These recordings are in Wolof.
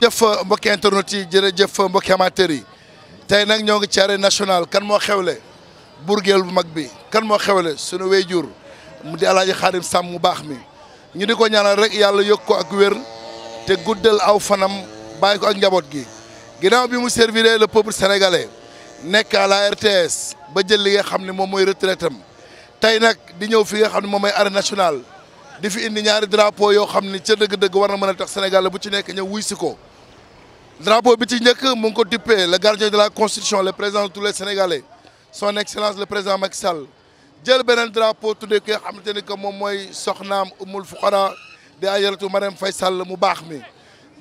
jëf mbokki internet yi jërëjëf mbokki amateurs yi tey nag ñoo ngi ci arène nationale kan moo xewle burgeel bu mag bi kan moo xewle suñu wéyjur mu di alaaji xaadim sàmm mu baax mi ñu di ko ñaanal rek yàlla yëg ko ak wér te guddal aw fanam bàyyi ko ak njaboot gi ginnaaw bi mu serviré la peuple sénégalais nekk à la RTS ba jël li nga xam ne moom mooy retraite am tey nag di ñëw fi nga xam ne moom mooy arène national di fi indi ñaari drapeau yoo xam ne ca dëgg-dëgg war na mën a tax Sénégal bu ci nekk ñëw wuy si ko drapeau bi ci njëkk mu ngi ko duppee le gardien de la constitution le président de tous les sénégalais son excellence le président Macky Sall jël benen drapeau tout de nga xamante ni que mom moy soxnam umul fuqara di ajaratu Marème Faisal mu bax mi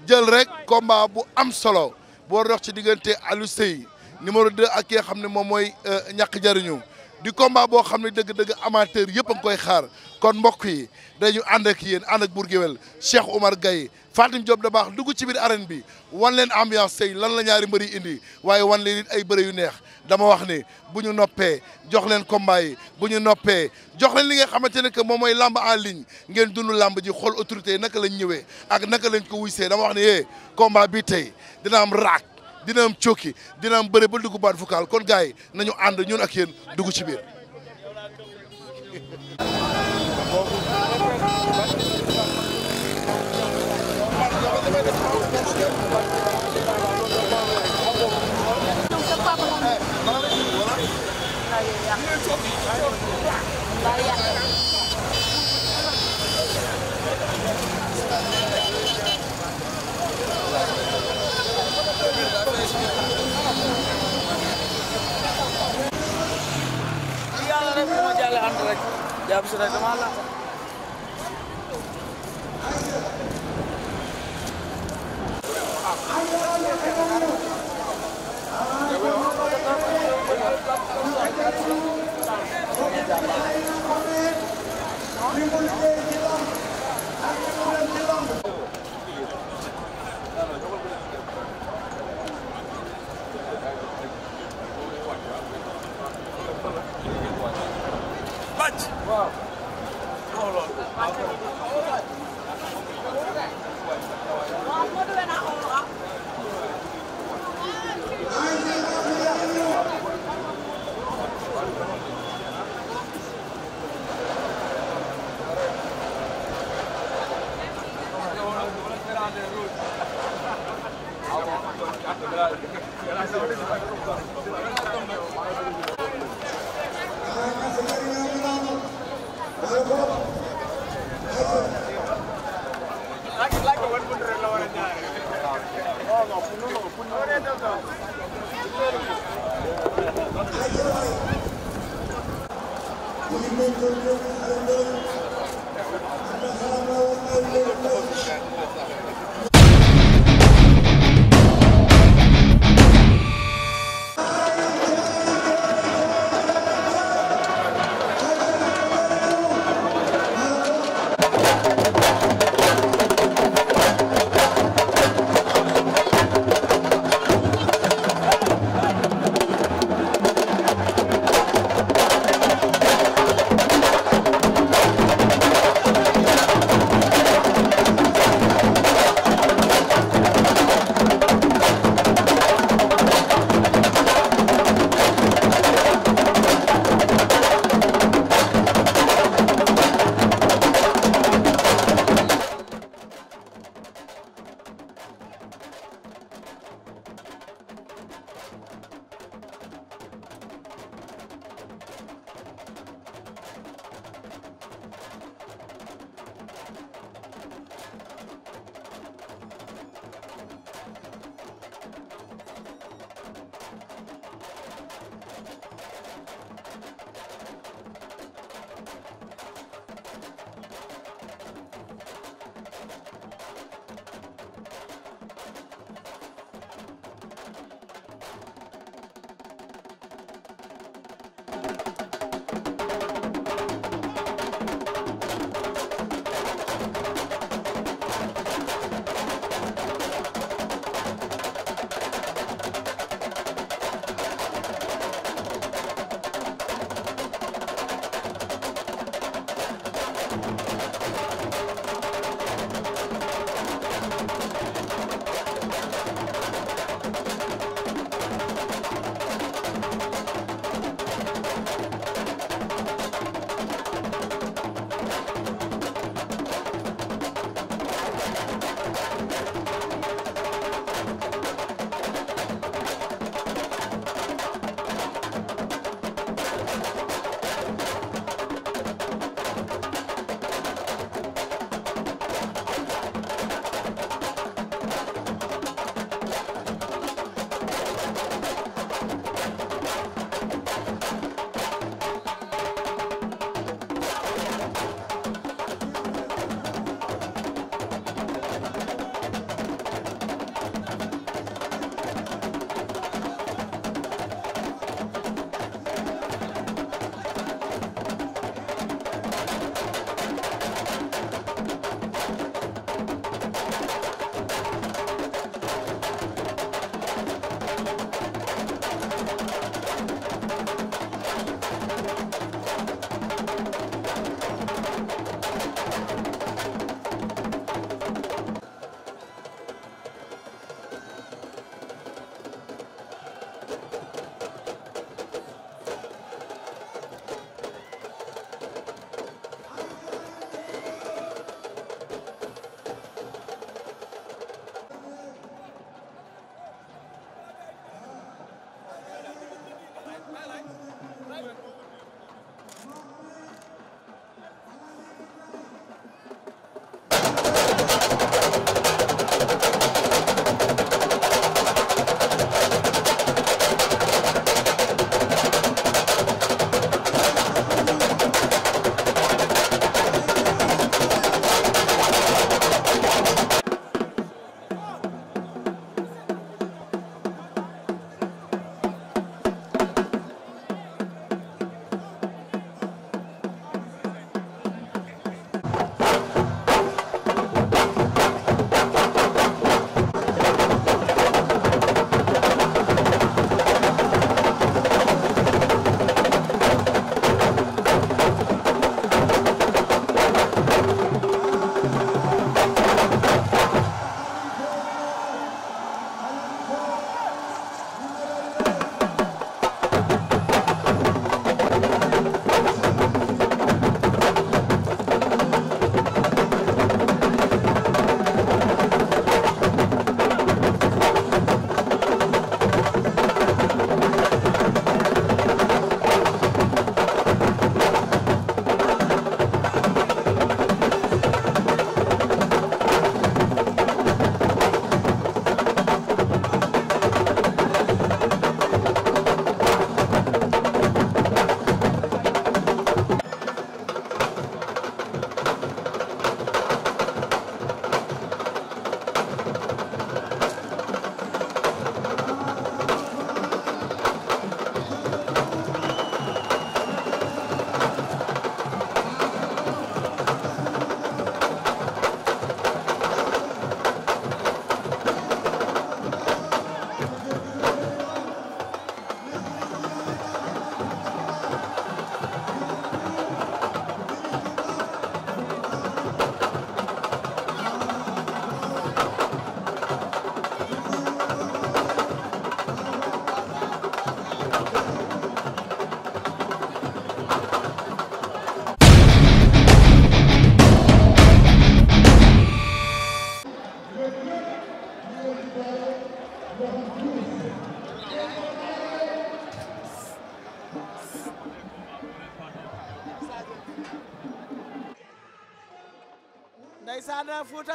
jël rek combat bu am solo bo dox ci digënté Aliou Seye numéro 2 ak ki nga xam ne moom euh, di combat bo xamné deug deug amateur yépp a koy xaar kon mbokk yi dañu ànd ak yéen ànd ak Bour Gueweul Cheikh Omar Gaye Fatim Diop da baax dugg ci biir arène bi wan leen ambiance tey lan la ñaari mbër mbëri indi waaye wan leen ay bëre yu neex dama wax ne bu ñu noppee jox leen combat yi bu ñu noppee jox leen li nga xamante ne que moom mooy làmb en ligne ngeen dund làmb ji xool autorité yi naka lañ ñëwee ak naka lañ ko wuysee dama wax ne eh combat bi tey dina am raak dina am cokki dina am bëre ba dugg baat vocal kon gars nañu ànd ñun ak yéen dugg ci biir. ስለተማላ ولمن Thank you.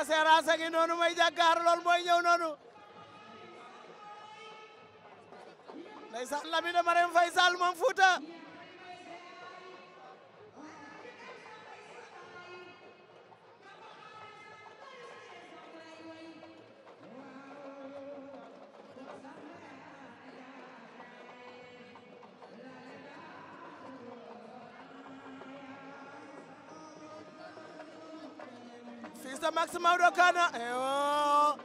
se hará a no no no jàkkaarlool Carlos Bueno Maodo Kana ewo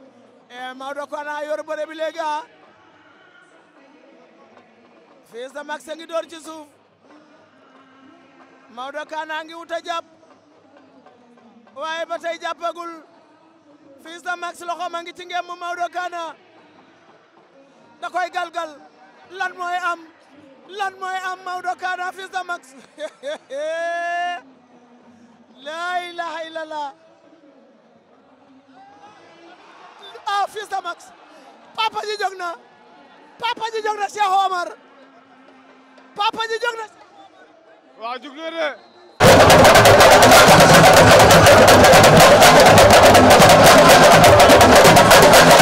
e Maodo Kana yor léegi ah Fils ngi door ci suuf Maodo Kana ngi wut a waaye ba tey jàppagul Fils de Max loxo ma ngi ci ngem Maodo Kana da galgal lan mooy am lan mooy am Maodo Kana Fils de Max la ilaha illallah ah fils de Max papa ji jóg na papa ji jóg na Cheikh Omar papa ji jóg na waaw jóg na de Thank you.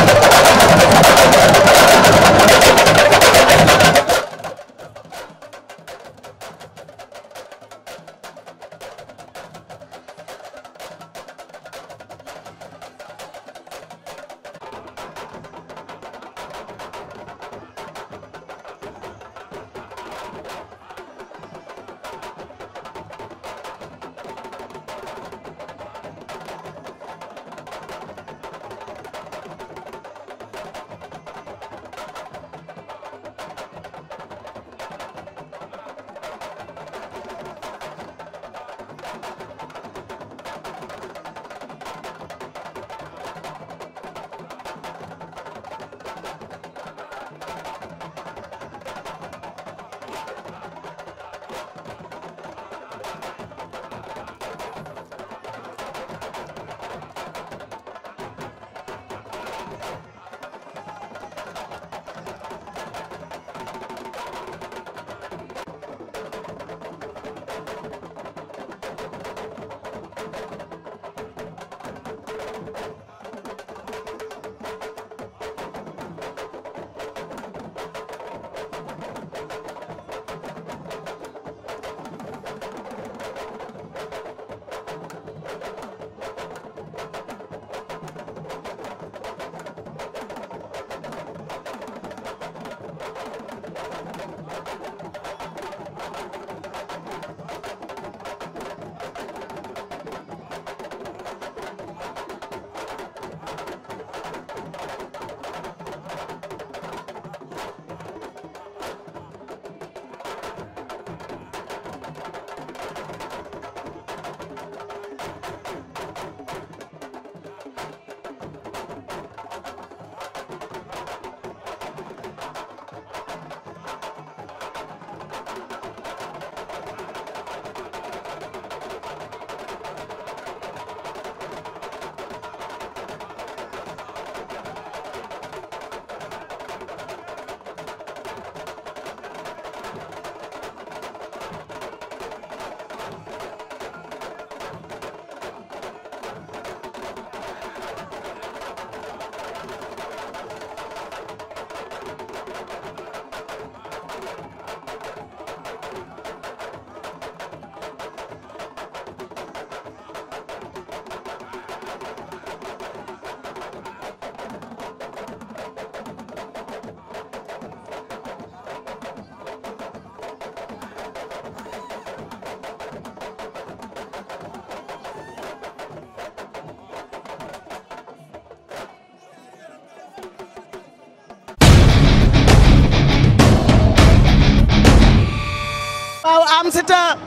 am sita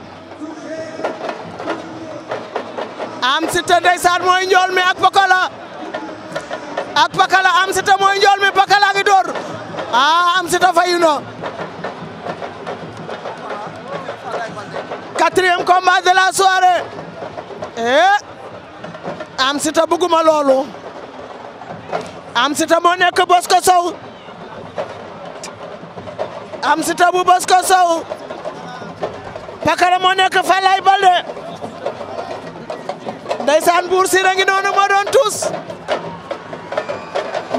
am sita ndeysaan mooy njool mi ak pakala ak pakala am sita mooy njool mi pakala ngi door ah am sita fayu na quatrième combat de la soirée eh am sita bëgguma loolu am sita moo nekk Bosco Sow am sita bu Bosco Sow Bakara moo nekk Falaye Balde ndeysaan Buur Sine ngi noonu moo doon tuus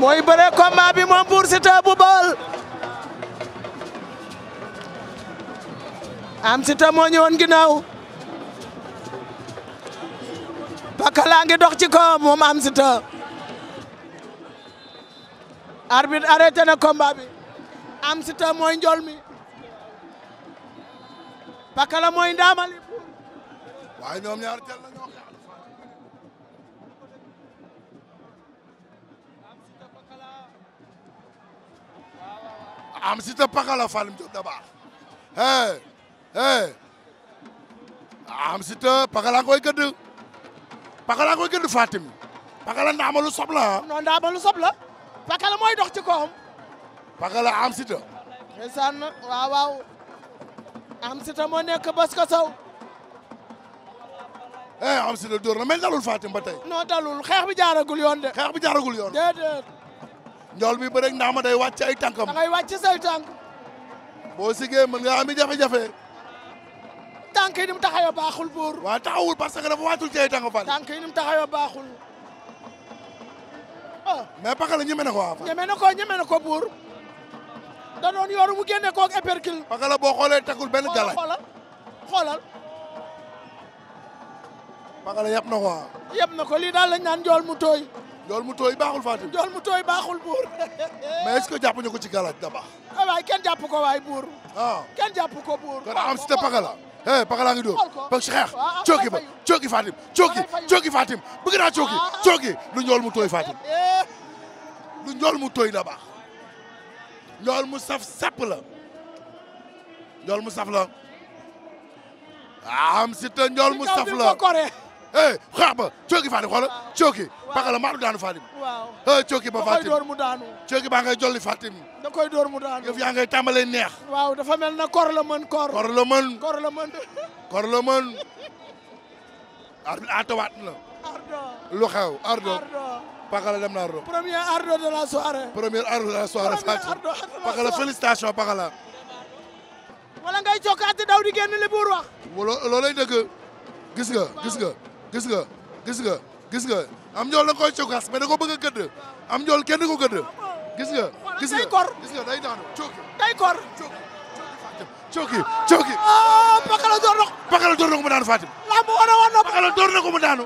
mooy bëre combat bi moom Buur Sine bu am Sine moo ñëwoon ginnaaw Bakala ngi dox ci kawam moom am Sine arbitre arrêté bi am Sine mooy njool mi pakala mooy ndaamali pour waaye ñoom ñaar tel nañu wax am si ta pakala falim jot da baax hey hey si ta pakala koy gëdd pakala koy gëdd Fatim pakala ndaamalu sobla ah. non ndaamalu sobla pakala mooy dox ci kawam pakala am si Amsita si ta moo nekk eh amsita si la na mel dalul Fatim ba tey non dalul xeex bi jaaragul yoon de xeex bi jaaragul yoon déedéet njool bi ba nama ndax ma day wàcc ay tànkam da ngay wàcc say tànk boo sigee mën nga ami jafe-jafe tànk yi ni mu taxawoo baaxul buur waaw taxawul parce que dafa wàccul ci ay tànk fan tànk yi ni mu taxawoo ah. mais Pakala ñeme na ko waaw ñeme na ko ñeme na ko buur da doon yooru mu génne koog épercule. Pakala boo xoolee takkul benn galaaj xoolal xoolal. Pakala yeb na ko ah. lii daal lañ naan njool mu tooy. njool mu tooy baaxul Fatim. njool mu tooy baaxul buur. ma est-ce que jàppuñu ko ci galaaj da ah, kenn jàpp ko waay buur. Ah. kenn jàpp ko buur. kon am c'était Pakala. eh Pakala ngi dóor parce que xeex ah, cooki ba cooki Fatim cooki cooki Fatim lu njool mu tooy Fatim eh. lu njool mu tooy da loolu mu saf sapp la mu saf la ah, am Siteu njool mu saf la eh xaax ba cooki Fatim xoola cooki baka la maa du daanu Fatim eh ba Fatim mu baa ngay jolli Fatim da koy door mu daanu yëf yaa ngay tàmbalee neex waaw dafa mel na kor la mën kor kor la mën kor la mën kor la mën arbitre na ardo lu xew Pakala dem na Ardo. premier Ardo de la soirée. premier Ardo de Pakala félicitation Pakala. wala ngay jokkaati daw di génn li buur wax. wala gis nga nga gis gis nga am njool da koy cokkaas mais da ko bëgg a gëdd am njool kenn ko gëdd gis nga. gis nga ah, Pakala door ko. Pakala door mu daanu Fatim. làmb war a war na Pakala door mu daanu.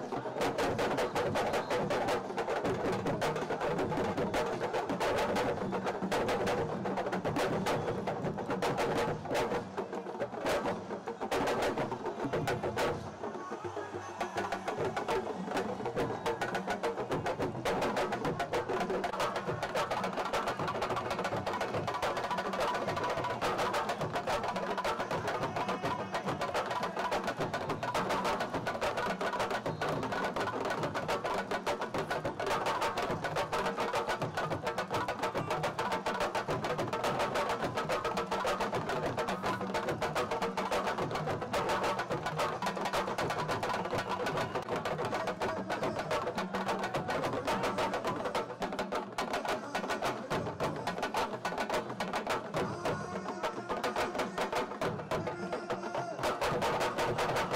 Thank you.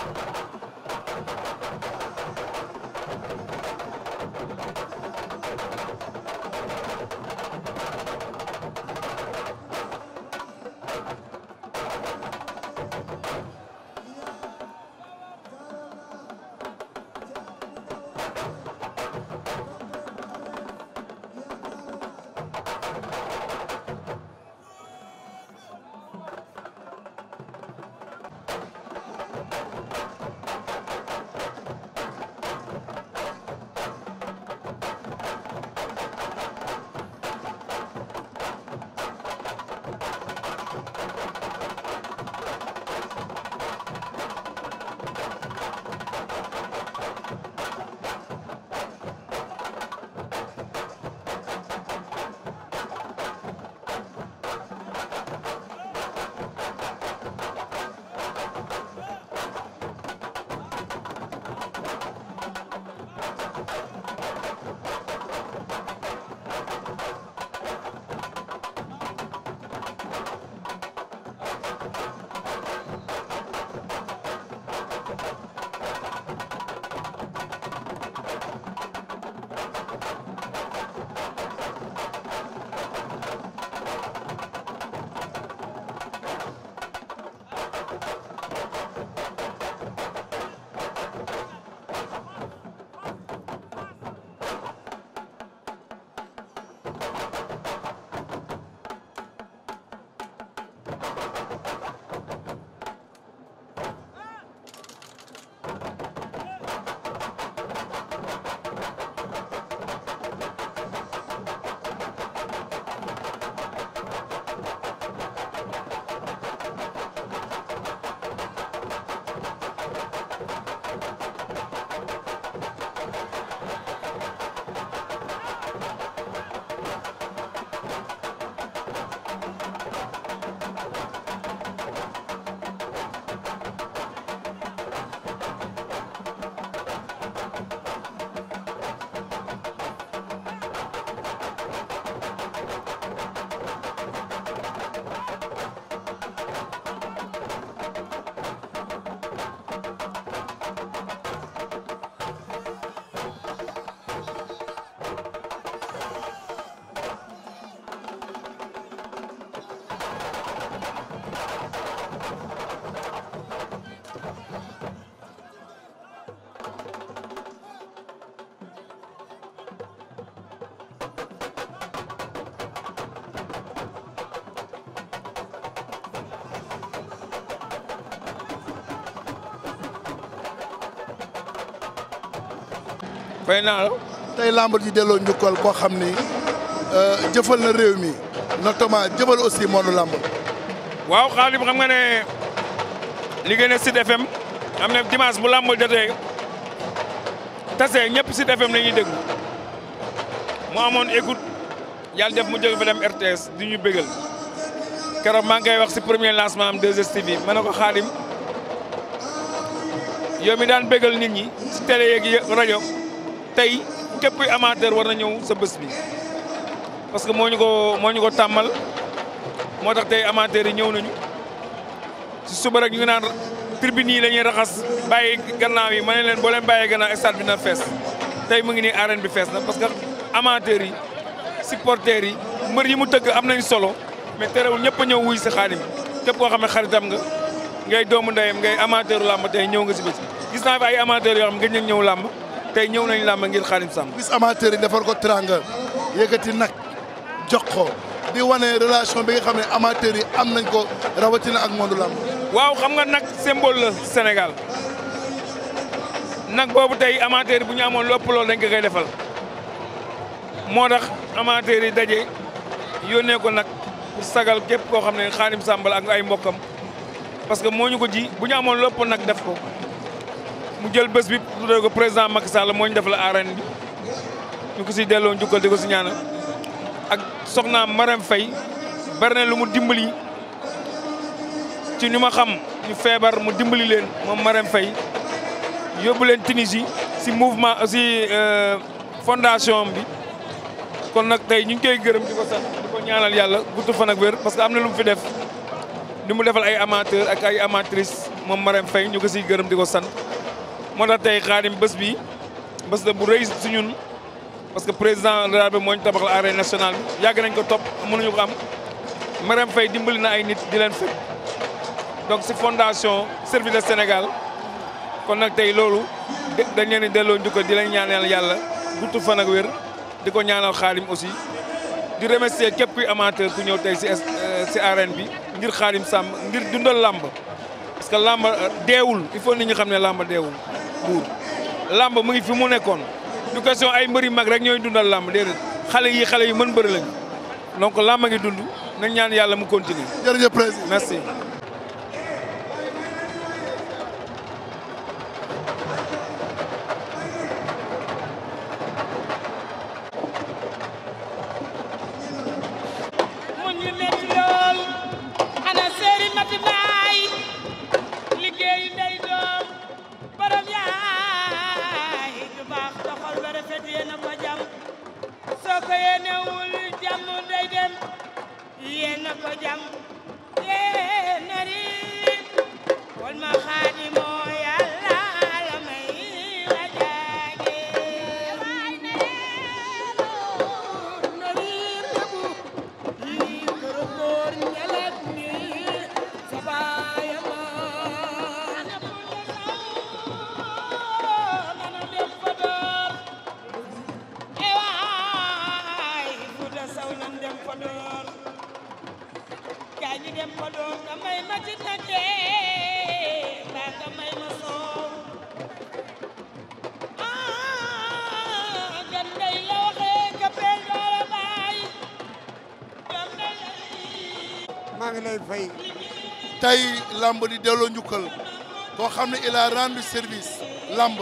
fay naa la. tey lamb ji delloo njukkal koo xam ni euh, jëfal na réew mi notamment jëfal aussi moonu lamb. waaw xaalim xam nga ne liggéey na Sud am na dimanche bu lamb jotee tase ñëpp Sud FM la ñuy déglu mu amoon écoute yàlla def mu jóge fa dem RTS di ñu bégal keroog maa ngi wax si premier lancement am 2STV ma ne ko xaalim yow mi daan bégal nit ñi si télé yeeg rajo. tey képp kuy war na ñëw sa bés mi parce que moo ñu ko moo ñu ko tàmmal moo tax tey amateur yi ñëw nañu si suba rek ñu ngi naan tribune yi la ñuy raxas bàyyi gannaaw yi ma ne leen boo leen bàyyee gannaaw stade bi na fees tey mu ngi nii arène bi fees na parce que amateur yi supporters yi mbër yi mu tëgg am nañ solo mais terewul ñëpp a ñëw wuy si Khadim képp koo xam ne xaritam nga ngay doomu ndeyam ngay amateur làmb tey ñëw nga si bés gis naa fi ay amateur yoo xam gëj ñëw làmb tey ñëw nañ làmb ngir Khadim Samb gis amateur defar ko teraanga yëkkati nag jox ko di wane relation bi nga xam ne amateur yi am nañ ko rawatina ak monde làmb waaw xam nga nag symbole la senegal nag boobu tey amateur bu ñu amoon lu ëpp loolu dañ ko koy defal moo tax amateur daje yónnee ko nag sagal képp koo xam ne Khadim Samb ak ay mbokkam parce que mooñu ko ji bu ñu amoon lu nag def ko mu jël bés bi tuddee ko président Macky Sall moo ñu def la arène bi ñu ko si delloo njukkal di ko si ñaanal ak soxnaam Marème Faye bari ne lu mu dimbali ci ñu ma xam ñu feebar mu dimbali leen moom Marème Faye yóbbu leen Tunisie si mouvement si euh, fondation bi kon nag tey ñu ngi koy gërëm di ko sax di ko ñaanal yàlla gudd fan ak wér parce que am na lu mu fi def ni mu defal ay amateur ak ay amatrice moom Marème Faye ñu ko siy gërëm di ko sant moo tax tey xaarim bés bi bés la bu rëy si ñun parce que président de bi République tabax ñu tabaxal arène bi yàgg nañ ko topp mënuñu ko am Marème Faye dimbali na ay nit di leen fekk donc si fondation Servir le Sénégal kon nag tey loolu dañ leen di delloo njukkal di leen ñaanal yàlla gudd fa nag wér di ko ñaanal xaalim aussi di remercier képp kuy amateur ku ñëw tey si euh, si arène bi ngir xaarim sàmb ngir dundal làmb parce que làmb euh, deewul il faut nit ñi xam ne làmb deewul buur làmb mu ngi fi mu nekkoon du question ay mbëri mag rek ñooy dundal làmb déedéet xale yi xale yi mën bëri lañ donc làmb ngi dund na ñaan yàlla mu continuer jërëjëf président merci tey lamb di delloo njukkal koo xam ne il a rendu service lamb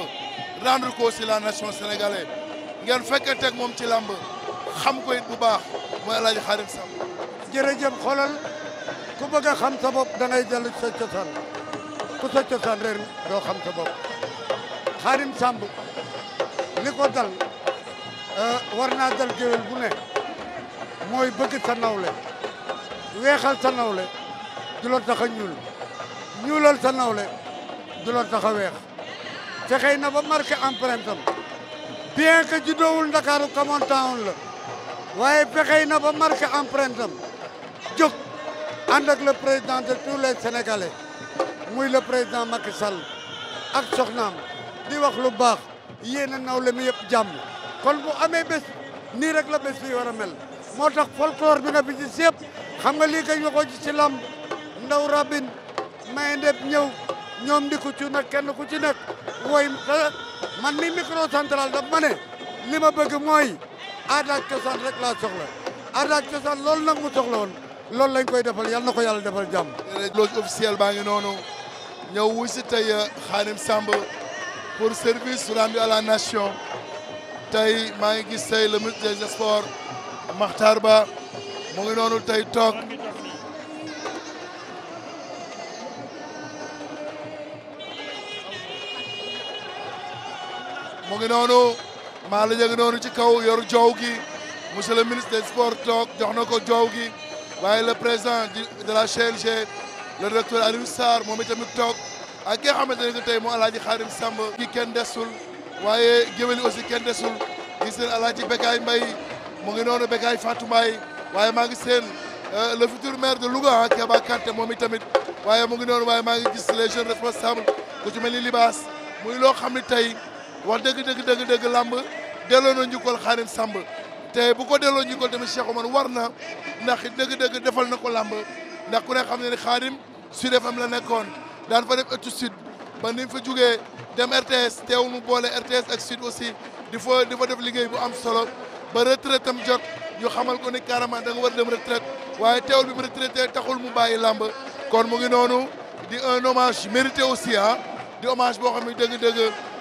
rendre ko aussi la nation sénégalaise ngeen fekkee teg moom ci lamb xam ko it baax mooy El Hadj Xaadim Samb. jërëjëf xoolal ku bëgg a xam sa bopp da ngay sa cosaan ku sa cosaan reer doo xam sa bopp Samb li ko dal euh, war naa dal géwél bu ne mooy bëgg sa nawle weexal sa nawle. du la tax a ñuul ñuulal sa nawle du la tax a weex fexey na ba marqué empreinte am bien que juddoowul ndakaaru Common Town la waaye fexey na ba marqué empreinte am jóg ànd ak le président de tous les sénégalais muy le président Macky Sall ak soxnaam di wax lu baax yéen a nawle mi yëpp jàmm kon bu amee bés nii rek la bés bi war a mel moo tax folklore bi nga fi gis yëpp xam nga lii kay waxoo ci si lamb daw rabin may ndeb ñëw ñoom di ko ci nag kenn ku ci nekk woy man mi micro central daf ma li ma bëgg mooy aada ak cosaan rek laa soxla aada ak cosaan loolu nag mu soxla woon loolu lañ koy defal yal na ko yàlla defal jàmm. loge officielle baa ngi noonu ñëw wu si tey euh, Khadim Samb pour service rendu à la nation tey maa ngi gis tey le ministre des sports Makhtar Ba mu ngi noonu tey toog. mu ngi noonu Malick a ngi noonu ci kaw yor joow gi monsieur le ministre des sports toog jox na ko joow gi waaye le président de la CNG le directeur Alioune Sarr moom itamit toog ak ki nga xamante ne tey moo alaaji Xaadim Samb gi kenn desul waaye géwél yi aussi kenn desul gis seen alaaji Bekaay Mbay mu ngi noonu Bekaay Fatou Mbay waaye maa ngi seen le futur maire de Louga Keba Kanté moom itamit waaye mu ngi noonu waaye maa ngi gis les jeunes responsables ku ci mel ni Libaas muy loo xam ne tey wax dëgg dëgg dëgg dëgg làmb delloo na njukkal xaarim sàmb te bu ko delloo njukkal tamit Cheikh Omar war na ndax dëgg dëgg defal na ko làmb ndax ku ne xam ne ni xaarim Sud FM la nekkoon daan fa def ëttu sud ba ni fa jugee dem RTS teew mu boole RTS ak sud aussi di fa di fa def liggéey bu am solo ba retraite am jot ñu xamal ko ni carrément da nga war dem retraite waaye teewul bi mu retraité taxul mu bàyyi làmb kon mu ngi noonu di un hommage mérité aussi ah di hommage boo xam ne dëgg-dëgg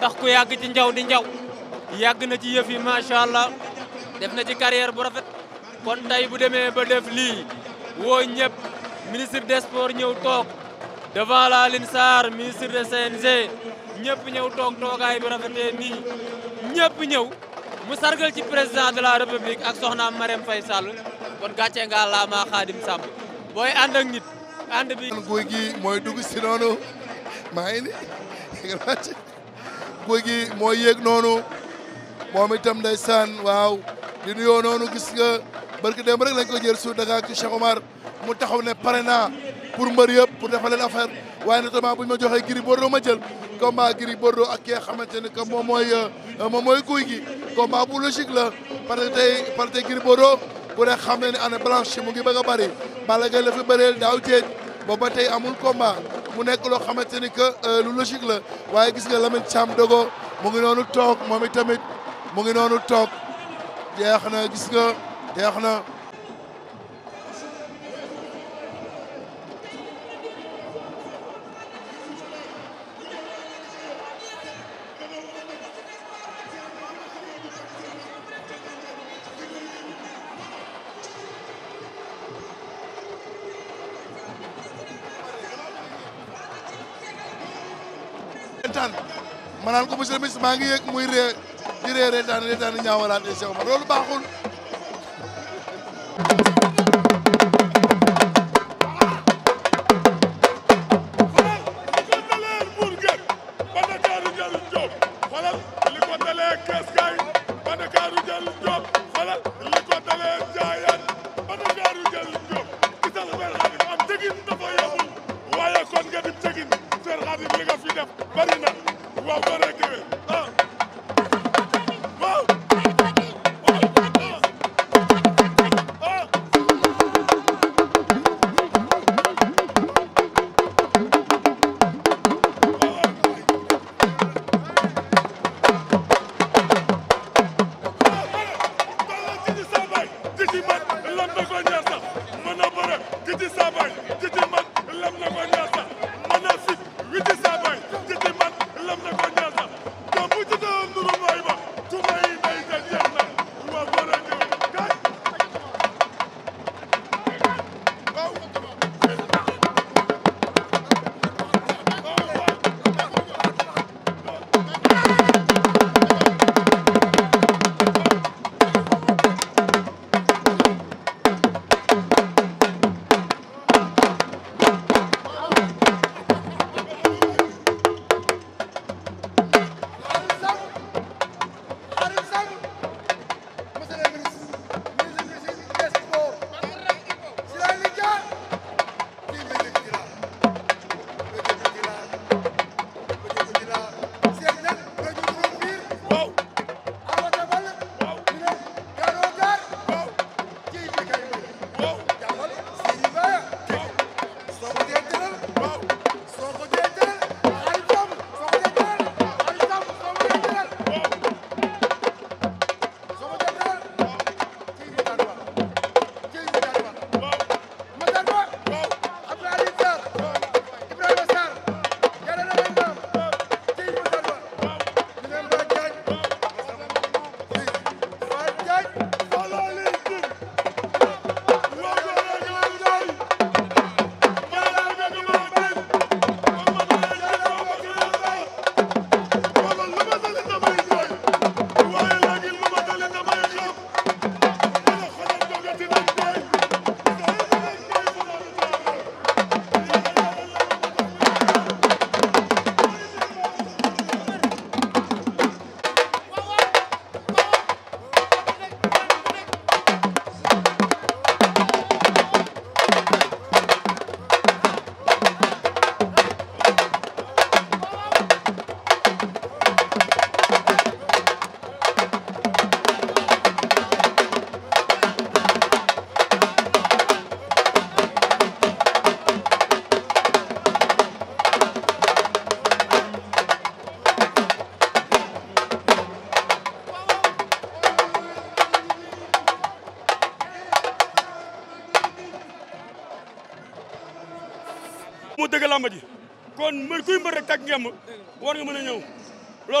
ndax ku yàgg ci njaw di njaw yàgg na ci yëf yi macha allah def na ci carrière bu rafet kon tey bu demee ba def lii woo ñëpp ministre des sports ñëw toog devant la Aline Sarr ministre de CNG ñëpp ñëw toog toogaay bi rafetee nii ñëpp ñëw mu sargal ci président de la république ak soxnaam Marème Faye Sall kon gàcce nga laa maa Xaadim Samb booy ànd ak nit ànd bi. guy gi mooy dugg si noonu maa ngi nii guy gi moo yéeg noonu moom itam ndeysaan waaw di nuyoo noonu gis nga barki démb rek lañ ko jël suuf daga ci Cheikh Omar mu taxaw ne pare naa pour mbër yëpp pour defal leen affaire waaye notamment bu ñu ma joxee Gris Bordeaux ma jël combat Gris Bordeaux ak kee xamante ni que moom mooy euh, moom mooy guy gi combat bu logique la parce que tey parce que Gris Bordeaux ku ne xam ne ne blanche mu ngi bëgg a bëri Balla Gaye la fi daaw jeej ba tey amul combat mu nekk loo xamante ni que euh, lu logique la waaye gis nga Lamine Thiam Dogo mu ngi noonu toog moom itamit mu ngi noonu toog jeex na gis nga jeex na naan ko maa ngi yëg muy ree di ree reetaan reetaan ñaawalaat Cheikh loolu baaxul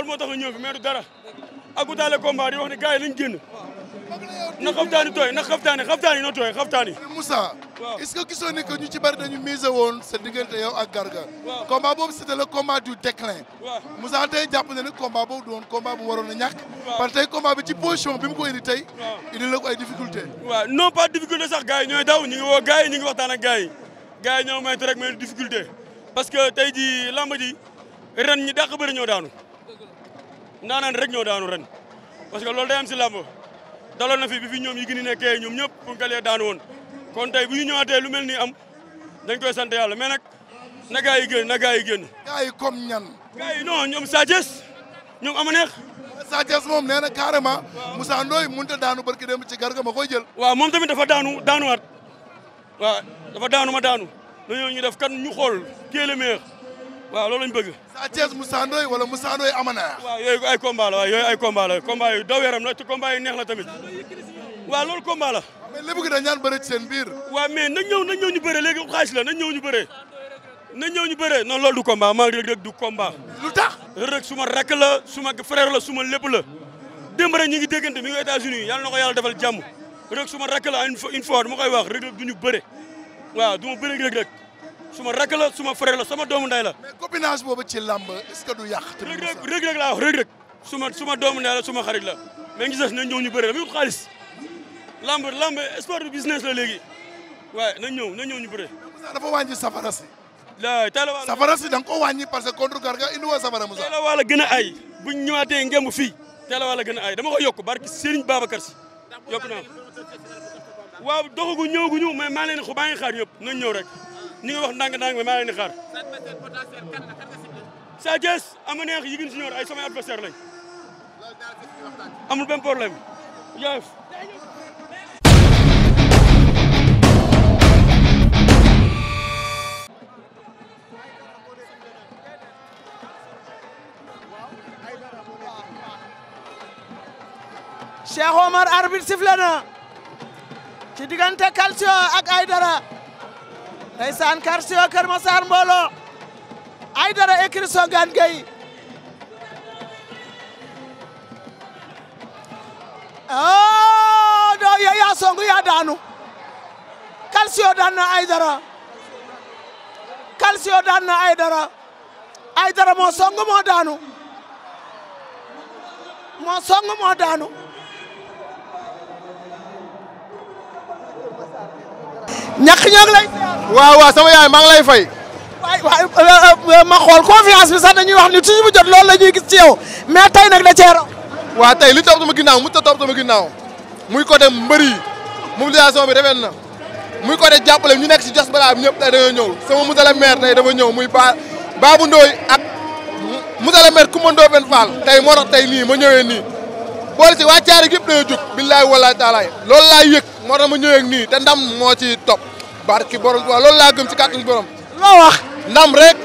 loolu moo tax ñu ñëw fi mais du dara ak utaale combat di wax ne gars yi lañ génn na xaftaani tooy na xaftaani xaftaani na tooy xaftaani Moussa est-ce que gisoon ni que ñu ci bari dañu mise woon sa diggante yow ak Garga combat boobu c'était le combat du déclin Moussa tey jàpp na ne combat boobu du woon combat bu waroon a ñàkk parce que tey combat bi ci position bi mu ko indi tey indi la ko ay difficulté waaw non pas difficulté sax gars yi ñooy daw ñu ngi woo gars yi ñu ngi waxtaan ak gars yi gars yi ñoo moytu rek mais difficulté parce que tey ji lamba ji ren ñi dàq bëri ñoo daanu ndaanaan rek ñoo daanu ren parce que loolu day am ci lamb daloon na fi bi fi ñoom yi gëni nekké ñoom ñëpp punkal ngalé daanu won kon tay bu ñu ñëwaatee lu melni am dañ koy sant yalla mais nak na gaay yi gën na gaay yi gën gaay yi comme ñan. gaay yi non ñoom sages ñoom am neex. sages mom moom carrément. Moussa ndoy mu nta daanu barki dem ci garga ma koy jël. wa mom tamit dafa daanu daanu wat wa dafa daanu ma daanu dañoo ñu def kan ñu xol kii meex waaw loolu lañ bëgg. Sa Thiès Moussa Ndoye wala Moussa Ndoye Amanaya. waaw yooyu ay combat la yooyu ay combat la combat yu daw yaram la te combat neex la tamit waa loolu combat la. lépp gi dañ ñaan bëre ci seen biir. waaw mais nañ ñëw nañ ñëw ñu bëree léegi xaalis la nañ ñëw ñu bëree. nañ ñëw ñu bëree non loolu du combat maa ngi Reug Reug du combat. lu tax Reug Reug suma rakk la suma frère la suma lépp la démb rek ñu ngi déggante mi ngi États-Unis yàlla ko yàlla defal jàmm Reug suma rakk la une fois dama koy wax du ñu bëre waaw du ma bëre suma rakk la suma frère la sama doomu ndey la. mais copinage boobu ci làmb est-ce que du yàq. rëg rëg rëg rëg laa wax rëg rëg suma doom doomu ndey la suma xarit la mais ngi des nañ ñëw ñu bëri la muy wut xaalis làmb làmb sport business la léegi waaye nañ ñëw nañ ñëw ñu bëri. dafa wàññi safara si. laay tey la waa safara si da nga ko wàññi parce que contre Garga indi woo safara Moussa. tey la waa gën ay bu ñu ñëwaatee ngemb fii tey la waa la gën ay dama ko yokk barki Serigne Babacar si yokk naa waaw doxagu ñëwaguñu mais maa leen xaar ñëpp nañ ñëw rek ñu ngi wax ndànk-ndànk mais maa ngi leen xaar. Sa Thiès ama neex Yékini Junior ay samay adversaire lañ amul benn problème yes Cheikh Omar arbitre sifflé na ci diggante Calcio ak Aïdara ndeysaan Karcio Kër Masar mbooloo ay dara écrit Songane Gueye oh doo ya yaa songu yaa daanu Karcio daan na ay dara Karcio daan na ay dara ay dara moo songu moo daanu moo songu moo daanu ñàkk waaw waaw sama yaay maa ngi lay fay. waay euh, ma xool confiance bi sax dañuy wax ni tuuti bu jot loolu la ñuy gis ci yow mais tey nag da cee raw. waaw tey li topp sama ginnaaw mu ta topp sama ginnaaw muy côté mbër yi mobilisation bi rafet na muy côté jàppale ñu nekk si jos balaa bi ñëpp tey dañoo ñëw sama monsieur le maire tey dafa ñëw muy ba Babou Ndoye ak monsieur le maire Coumba Ndoffène Fall tey moo tax tey nii ma ñëwee nii boole si waa caari gépp dañoo jóg billaay walaay taalaay loolu laay yëg moo tax ma ñëwee nii te ndam moo ci topp barki borom waaw loolu laa gëm si kàttanu borom. loo wax. ndam rek.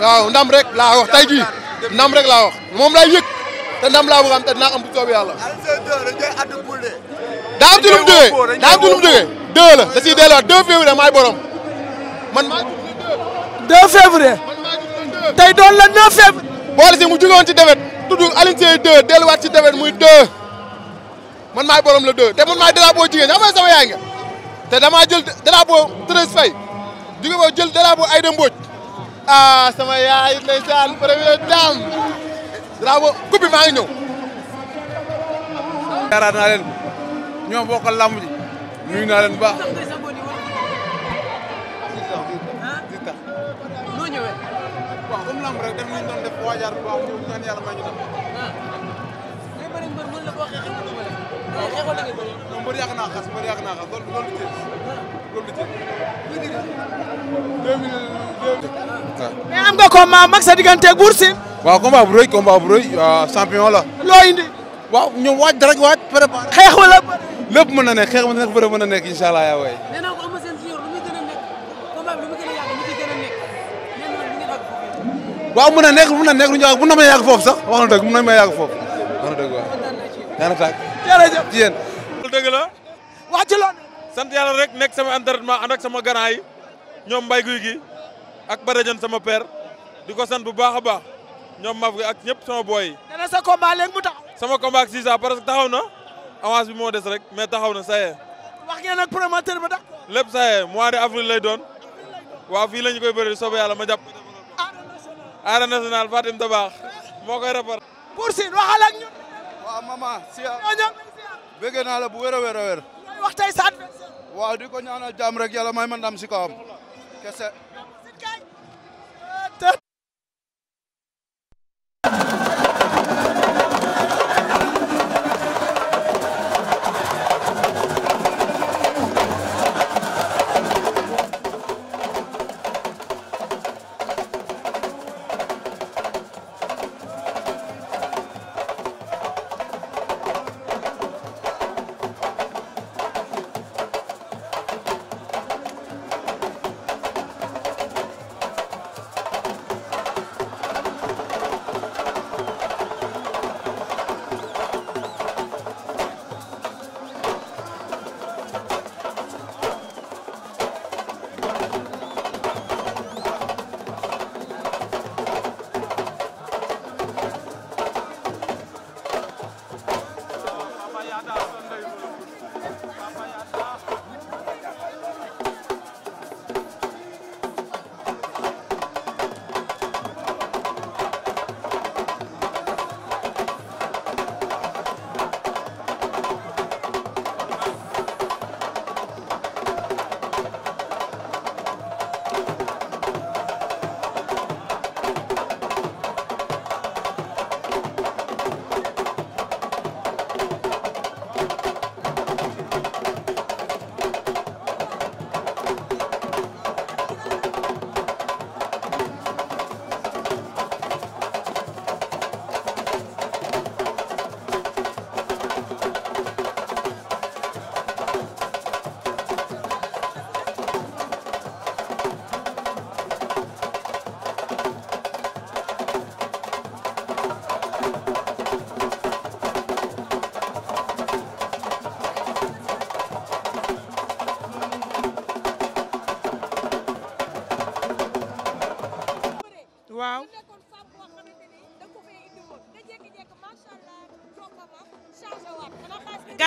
waaw ndam rek laa wax tey jii ndam rek laa wax moom lay yëg te ndam laa bëgg te dinaa am bu soobee yàlla. daa am ci lu mu jógee daa am ci lu mu jógee la da borom man maa ngi tey doon la neuf février. boole si mu jóge woon ci defet tudd Alioune Seye deux delluwaat si defet muy deux man maay borom la deux te man maay drapeau jigéen ñi sama yaay nga. te damaa jël drapeau Thérèse Faye jóge ba jël drapeau Aïda Mbodj ah sama yaay ndeysaan première dame drapeau coupe bi maa ngi ñëw. yaaraat naa leen ñoom bokkal làmb ji naa leen bu mbër yàgg naa xas mbër yàgg naa xas loolu loolu du loolu du deux mille deux mais am nga combat mag sa digganteeg Bour Sine. waaw combat bu rëy combat bu rëy champion la. loo indi. waaw ñoom waaj dara waaj préparé. xeex wala. lépp mën na nekk xeex mën na nekk bëre mën na nekk incha allah yaa way. nee naa ko am na seen junior lu muy gën a nekk combat bi lu muy gën a yàgg lu muy gën a nekk nee naa lu ngeen ak. waaw mën na nekk mën na nekk lu ñu wax mën na ma yàgg foofu sax wax na dëgg mën na ma yàgg foofu wax na dëgg waaw. yaa na tàkk jërëjëf ci yéen loolu dëgg la. waa sant rek nekk sama entraînement ànd sama ganaay yi ñoom mbay guy gi ak barajan sama père di ko sant bu baax baax maaf gi ak ñëpp sama boy sa combat mu sama combat ak Sisa parce que taxaw na avance bi moo des rek mais taxaw na ça wax ngeen ak promoteur ba tax. lépp ça mois de avril lay doon koy ma Fatim koy rapport. waxal ak ñun. bëggee naa bu wér a wér a wér. wax tey sa adversaire. waaw di ko ñaanal jàmm rek yàlla may ma ndam si kawam kese.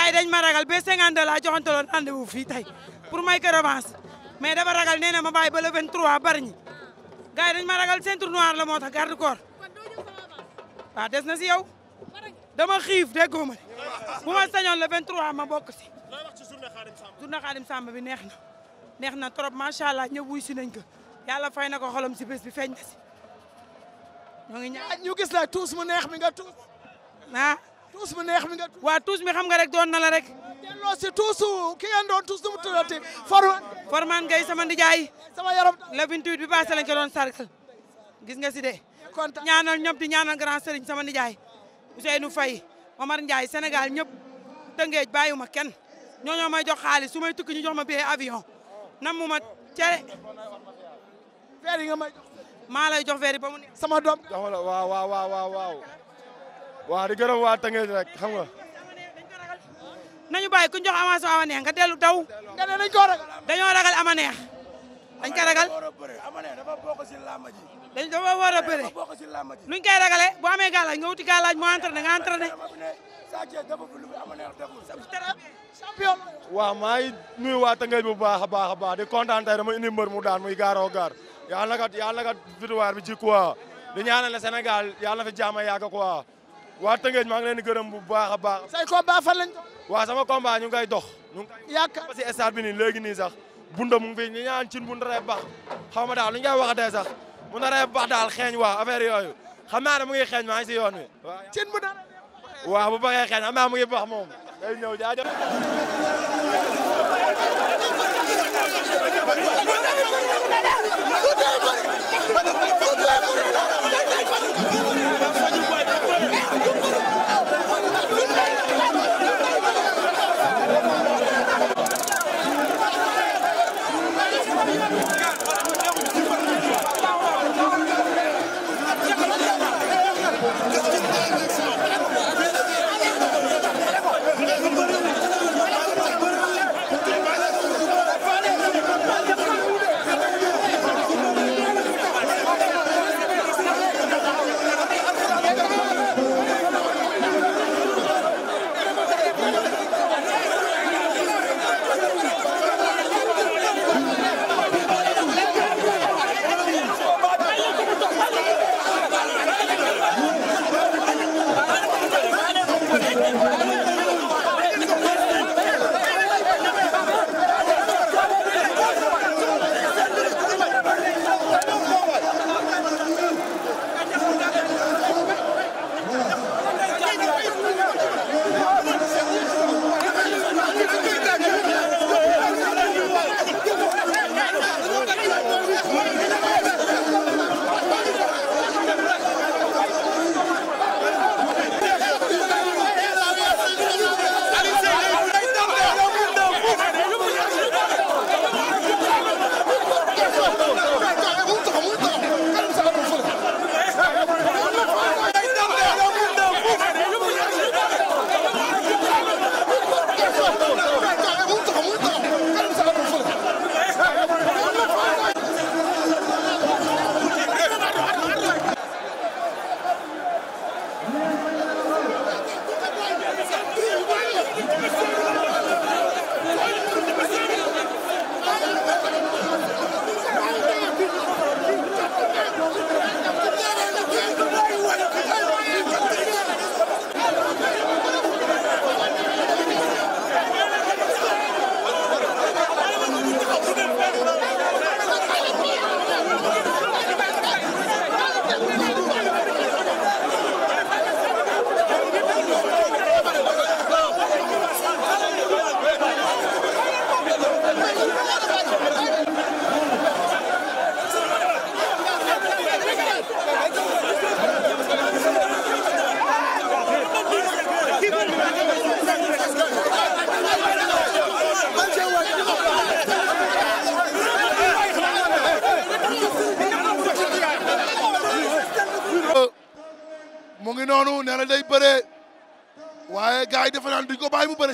gars yi dañ ma ragal ba 52 laa joxantaloon rendez-vous fii tey pour may ko revanche mais dafa ragal nee na ma bàyyi ba le 23 bari ñi a yi dañ ma ragal ceinture noire la moo tax garde corps waaw des na si yow dama xiif déggoo ma ne bu na sañoon a 23 ma bokk si. journée Xaadim Samb bi neex na neex na trop macha allah ñëpp wuy si nañ ko yàlla fay na ko xolam si bés bi feeñ na si ñu gis la tuus mu neex mi nga tuus ah. tuus mi neex mi nga. waa tuus mi xam nga rek doon na la rek. delloo si tuusu ki ngeen doon tuus nu mu tuddati Forman. Forman Gueye sama nijaay. sama yaram la vingt-huit bi passé lañ ko doon sargal. gis nga si de. kontaan ñaanal ñëpp di ñaanal grand Serigne sama nijaay. Ousseynou Faye Omar Ndiaye senegal ñëpp tëngeej bàyyiwuma kenn ñooñoo may jox xaalis su may tukki ñu jox ma billet avion na mu ma cere. verre yi jox. maa ba mu ne. sama doom. waaw waaw waaw. wa di gërëm waa Tëngéej rek xam nga. nañu bàyyi ku ñu jox avance ama neex nga dellu daw. nga ne dañ koo ragal dañoo ragal ama neex. dañ koy ragal ama neex dafa bokk ci làmb ji. dañ dafa war a bëre nuñ koy ragale bu amee gàllaaj nga wuti gàllaaj mu entraîné nga entraîné. waaw maa ngi nuyu waa Tëngéej bu baax a baax a baax di kontaan tey dama indi mbër mu daan muy ya. gaar yàlla na kat yàlla na kat victoire bi ci quoi di ñaanal Sénégal yàlla fi jaama yàgg quoi waa ngeen ma ngi leen di bah bu baaxa baax. say combat fan lañ wa sama combat ñu ngay dox. ñu ngi koy yaakaar si bi ni legui ni sax bunda mu ngi fi ñaan ci bunda ray baax xawma daal lu ngay wax waxatee sax mu ray baax daal xéñ wa affaire yoyu xamna na mu ngi xéñ ma ci si yoon wi. ci bu naree wa bu baaxé xéñ amma mu ngi baax mom day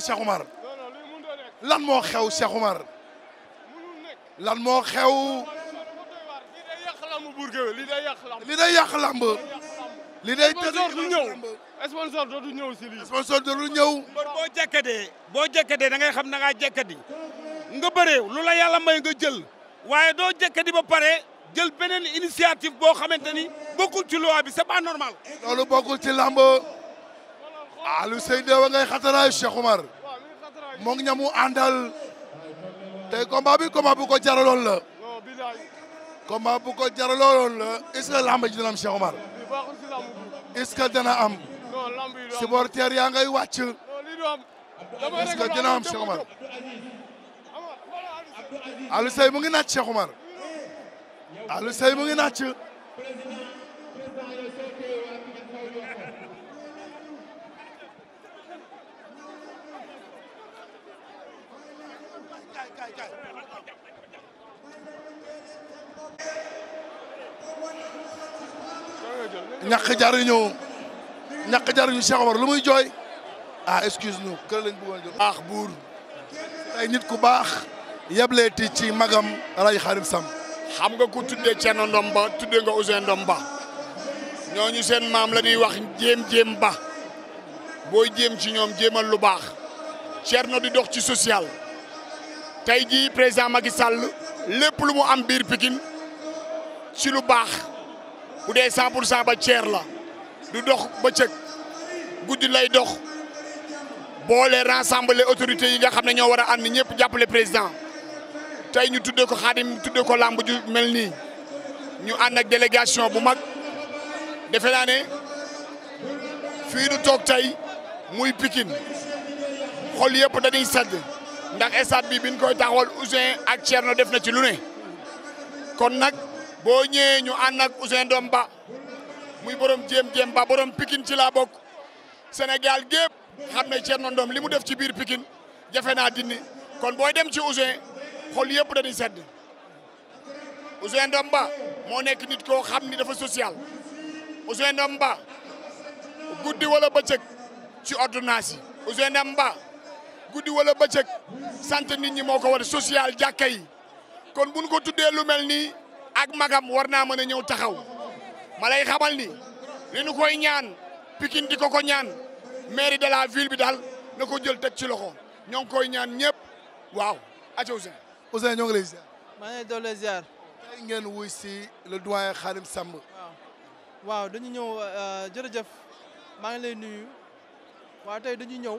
bëre Cheikh Oumar lan moo xew Cheikh Oumar lan moo xew. li day yàq lamb Bour Gueweul li day yàq lamb. li day yàq lamb. li day sponsor du ñëw sponsor dootu ñëw si lii. sponsor dootu ñëw. boo jekkatee boo jekkatee da ngay xam da ngaa jekkati nga bëree lu la yàlla may nga jël waaye doo jekkati ba pare jël beneen initiative boo xamante ni ci loi bi c'est normal. loolu bokkul ci lamb. Aliou Seye deewa ngay xataraayu Cheikh Oumar ñamu àndal tey combat bi combat bu ko jaraloon la combat bu ko jaraloon la est-ce que lamb ji dina am Cheikh Oumar est yaa ngay wàcc est-ce que dina kay kay ñàkk jariñu ñàkk jariñu Cheikh Omar lu muy jooy ah excuse nous kër lañ bëggoon jël baax buur tey nit ku baax yableeti ci magam ray xarit sam xam nga ku tuddee Thierno Ndomba tuddee nga Ousseyn Ndomba ñooñu seen maam la ñuy wax jéem-jéem ba booy jéem ci ñoom jéemal lu baax Thierno di dox ci social tey jii président Macky Sall lépp lu mu am biir Pikine ci lu baax bu dee 100 pour cent ba ceer la du dox ba bëccëg guddi lay dox boole rassembler autorités yi nga xam ne ñoo war a ànd ñëpp jàppale président tey ñu tuddee ko xaadim tuddee ko làmb ju mel nii ñu ànd ak délégation bu mag defe naa ne fii nu toog tey muy Pikine xol yëpp dañuy sedd. ndax stade bi biñ koy taxawal Ouzin ak Thierno def na ci lu ne kon nag boo ñëwee ñu ànd ak Ouzin doom ba muy borom jéem-jéem ba borom pikin ci laa bokk Sénégal gépp xam ne Thierno Ndom li mu def ci biir pikin jafe naa dindi kon booy dem ci Ouzin xol yëpp dañuy sedd Ouzin Ndom ba moo nekk nit koo xam ni dafa social Ouzin Ndom ba guddi wala bëccëg ci ordonnance yi Ouzin ba guddi wala bëccëg sant nit ñi moo ko war social jàkka yi kon buñ ko tuddee lu mel nii ak magam war naa mën a ñëw taxaw ma lay xamal ni li nu koy ñaan Pikine di ko ko ñaan mairie de la ville bi daal na ko jël teg ci loxo ñoo ngi koy ñaan ñëpp waaw. aca Ousseyn Ousseyn ñoo ngi lay ziar. maa dol doon lay ziar. tey wuy si le doyen Khadim Samb. waaw waaw dañu ñëw euh, jërëjëf maa ngi lay nuyu waaw tey dañu ñëw.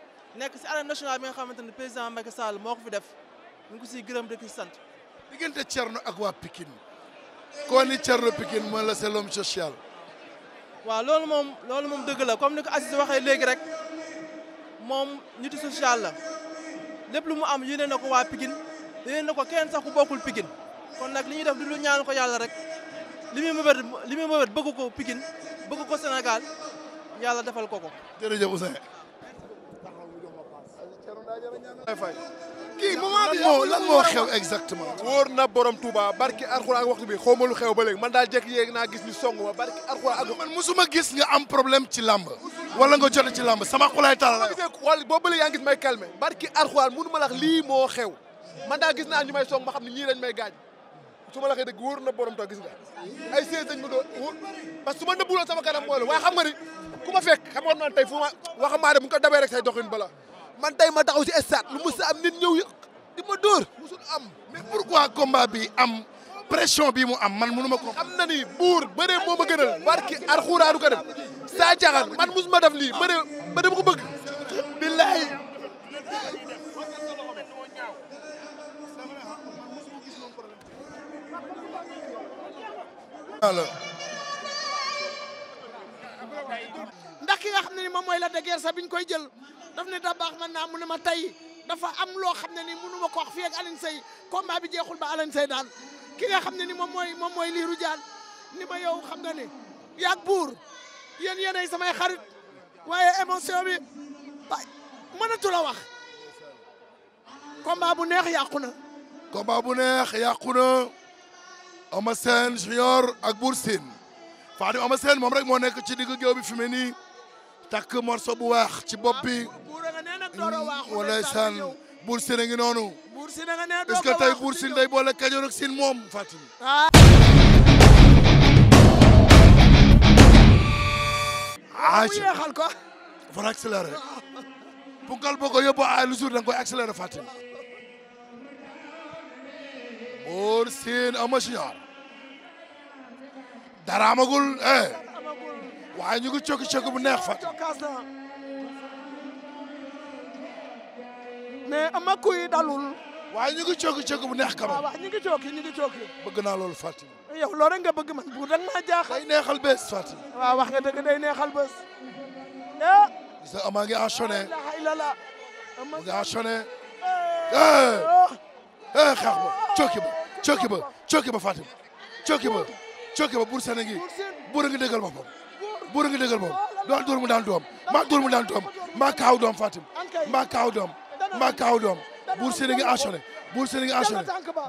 nekk si arène nationale bi nga xamante ne président Macky Sall moo ko fi def ñu ngi ko siy gërëm di ko sant. diggante Thierno ak waa pikin koo ni Thierno Pikine mooy la c'est l'homme social. waaw loolu moom loolu moom dëgg la comme ni ko Aziz waxee léegi rek moom nitu social la lépp lu mu am yéene na ko waa Pikine yéene na ko kenn sax ku bokkul pikin kon nag li ñuy def du lu ñaan ko yàlla rek li muy mëbët li muy mëbët bëgg ko pikin bëgg ko Sénégal yàlla defal ko ko. jërëjëf Ousseyn. kii moment bi moo lan moo xew exactement. wóor na borom Touba barki Alxuraan ak waxtu bi xaw ma lu xew ba léegi man daal jékki yéeg naa gis ñu song ma barki Alxuraan musuma gis nga am problème ci làmb wala nga jot ci làmb sama xulaay taal la. boo bële yaa gis may calmé barki Alxuraan mënu ma la wax lii moo xew man daal gis naa ñu may song ma xam ne ñii dañ may gaañ. su ma la xëy dëgg na borom tax gis nga ay séen dañ ma doon wóor parce que su ma sama kanam mooy la xam nga ni ku ma man tey ma taxaw si stade lu mës am nit ñëw di ma dóor musul am. mais pourquoi combat bi am pression bi mu am man mënu ma ko. xam na ni buur bëree moo ma gënal barki alxuraanu ko def saa caaxaan man musuma def lii bëree ba bëgg. billahi ndax ki nga xam ne ni moom mooy la de guerre koy jël daf ne da bax man na mu ne ma tey dafa am lo xamne ni mënu ma ko wax fi ak Alioune Sey combat bi jeexul ba Alioune Sey dal ki nga xamne ni mom moy mom moy liru dial ni ma yow xam nga ne yak bour yen yéenay samay xarit waye émotion bi ba mënatu la wax combat bu neex yakuna combat bu neex yakuna na Ama Sène Junior ak Bour sen Fadim Ama sen mom rek mo nek ci digg géew bi fimeni tak ne morceau bu wax ci bop bi wala saan buur ngi noonu est-ce que day boole Kajoor ak Siin moom Fatim ah. yeexal ko ay lu suur danga koy eh. waaye ñu cokki cokki bu neex Fatim mais ama kuy dalul. waaye ñu ngi cooki cooki bu neex kanam. waaw waaw ñu ngi cooki ñu ngi cooki. bëgg naa loolu Fatima. yow loolu rek nga bëgg man bu dang maa jaaxal. day neexal bés Fatima. waaw wax nga dëgg day neexal bés. ah. gis nga Ama ngi enchaîné. mu ngi enchaîné. xeex ba cooki ba cooki ba cooki ba Fatima cooki ba cooki ba buur Sénégal buur nga dëggal boppam buur nga dëggal boppam doon dóor mu daan doom maa dóor mu daan doom maa kaaw doom Fatima maa kaaw doom. ma kaw doom Bour Sine ngi enchaîné Bour Sine ngi enchaîné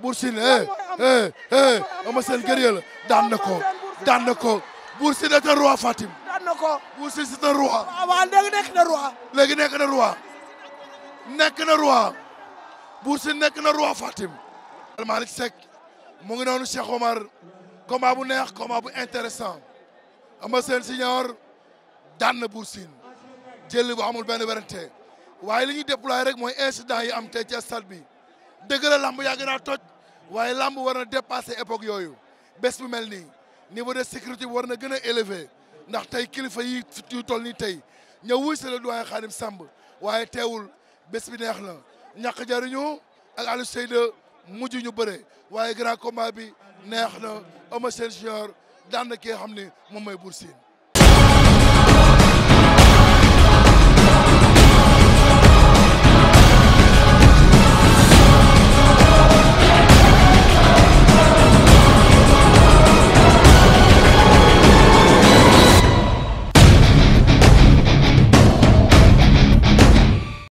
Bour Sine eh eh eh Eumeu Sène guerrier la daan na ko daan na ko Bour Sine est un roi Fatim daan na ko Bour Sine c'est un roi waaw léegi nekk na roi léegi nekk na roi nekk na roi Bour Sine nekk na roi Fatim Malick Seck mu ngi noonu Cheikh Omar combat bu neex combat bu intéressant Eumeu Sène senior daan na Bour Sine jël bu amul benn werante waaye li ñuy déployer rek mooy incident yi am tey ci stade bi dëgg la lamb yàgg naa toj waaye lamb war na dépasser époque yooyu bés bu mel nii niveau de sécurité bi war na gën a élevé ndax tey kilifa yi yu toll nii tey ñëw wuy si le doyen Khadim Samb waaye teewul bés bi neex na ñàkk jariñu ak Aliou Seyde mujj ñu bëre waaye grand combat bi neex na Eumeu Sène Junior daan na ki nga xam ne moom mooy Bour